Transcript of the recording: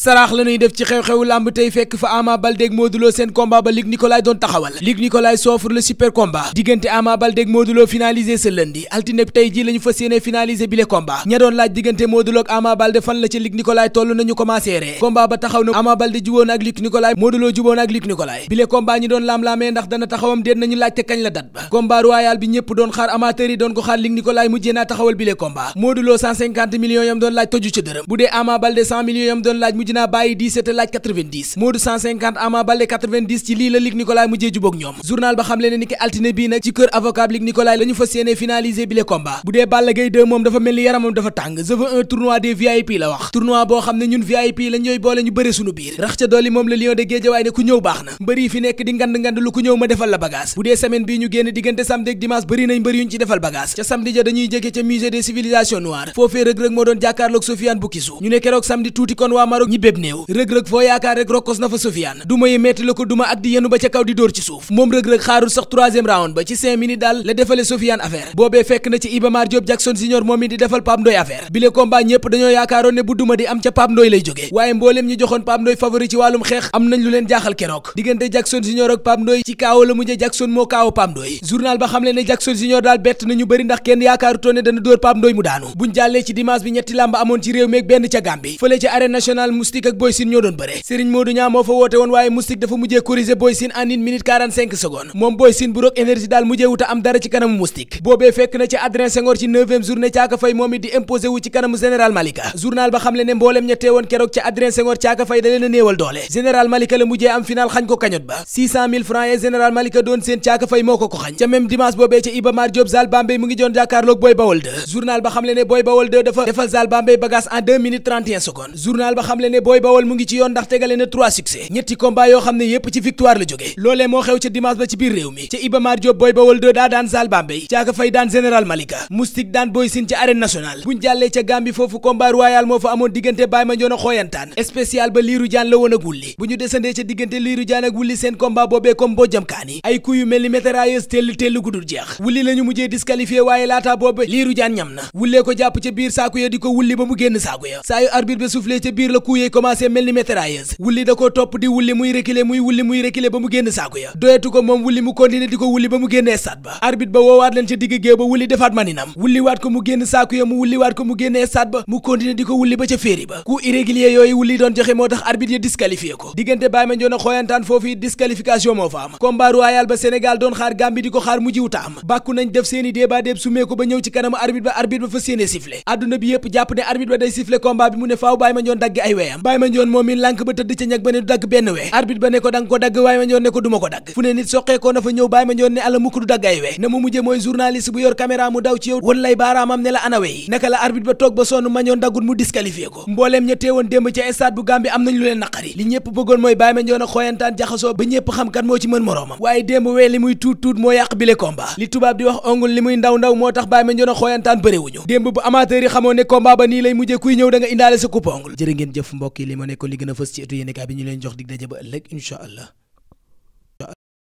saraax la def ci xew-xewu làmb tey fekk fa Ama Baldé ak seen combat ba Luc doon taxawal Luc Nicolaï s'offre le super combat diggante Ama Baldé ak Modou Lo finalisé tey ji la ñu fas bile combat ña doon laaj diggante Modou Lo ak fan la ci Luc Nicolaï nañu commencé ree ba taxaw na Ama Baldé juboon ak Luc Nicolaï juboon ak Luc bile combat ñi doon laam-laamee ndax dana taxawam déet nañu mujj naa bàyyi 17 laaj 90 Modou 150 Ama Baldé 90 ci lii la Luc Nicolaï mujjee juboog ñoom journal ba xam le ne altine bii nag ci kër avocat Luc Nicolaï la ñu fas yéene finaliser bi bu dee Balla Gaye 2 moom dafa mel ni yaramam dafa tàng je veux un tournoi VIP la wax tournoi boo xam ne ñun VIP lañ ñooy boole ñu bëre suñu biir rax ca dolli moom la Lion de Guédiawaye ne ku ñëw baax na mbër fi nekk di ngand ngand lu ku ñëw ma defal la bagage bu dee semaine bii ñu génn diggante samedi ak béb néew rëg-rëg foo yaakaar rek rokkos na fa Sofiane du may metti la ko duma ak di yenu ba ca kaw di dóor ci suuf moom rëg-rëg xaarul sax troisième round ba ci cinq minutes daal la defale Sofiane affaire boobee fekk na ci Iba Mar Jackson Senior moom mi di defal Pape Ndoye affaire bile ñépp dañoo yaakaaroon ne bu duma di am ca Pape lay jógee waaye mbooleem ñi joxoon Pape Ndoye ci wàllum xeex am nañ leen jaaxal keroog diggante Jackson Moustique ak Boy Sine moo fa woote woon waaye Moustique dafa mujjee corriger Boy Sine en une minute 45 secondes moom Boy Sine bu Rock Énergie daal mujjee wuta am dara ci kanamu Moustique boobee fekk na ci Adrien Senghor ci 9e journée caaka fay moom di imposé ci kanamu général Malika journal ba xamle ne mbooleem ña teewoon keroog ci Adrien Senghor caaka fay da leen néewal doole général Malika la mujjee am final xañ ko kañot ba 600 000 francs et ne booy bawal mu ngi ci yoon ndax tegale na trois succès ñetti combat yoo xam ne yépp ci victoire la jóge loolee moo xew ca dimanche ba ci biir réew mi ca Iba Mar Diop booy bawal 2 daa daan Zal Bambey caaka fay daan général Malika Moustique daan Boy ca arène nationale buñ jàllee ca Gambie foofu combat royal moo fa amoon diggante Baye Mandione a xooyantaan spécial ba liiru jaan la woon ak wulli bu ñu desandee ca diggante liiru jaan ak wulli seen combat day commencé mel ni mitrailleuse wulli da koo topp di wulli muy reculer muy wulli muy reculer ba mu génn saaku ya doyetu ko moom wulli mu continuer di ko wulli ba mu génn stade ba arbitre ba woowaat leen ca digg géew ba wulli defaat maninam wulli waat ko mu génn saaku ya mu wulli waat ko mu génn stade ba mu continuer di ko wulli ba ca féeri ba ku irrégulier yooyu wulli doon joxe moo tax arbitre ya disqualifié ko diggante Baye Mandione a xooyantaan foofu disqualification weyam Baye Mandione moom mi lànk ba tëdd ca ñag ba ne du dagg benn we arbitre ba ne ko da ko dagg Baye Mandione ne ko du ko dagg fu ne nit soqeekoo na fa ñëw Baye Mandione ne ala mukk du dagg ay we na mu mujje mooy journaliste bu yor caméra mu daw ci yow wan lay baaraamam ne la ana we yi naka la arbitre ba toog ba sonn Mandione daggul mu disqualifié ko mbooleem ña teewoon démb ca stade bu Gambie am nañ leen naqari li ñëpp bëggoon mooy Baye Mandione a a mbokk yi li ma nekkoon li gën a fës ci ëttu yéenekaay bi ñu leen jox dig daje ba ëllëg incha allah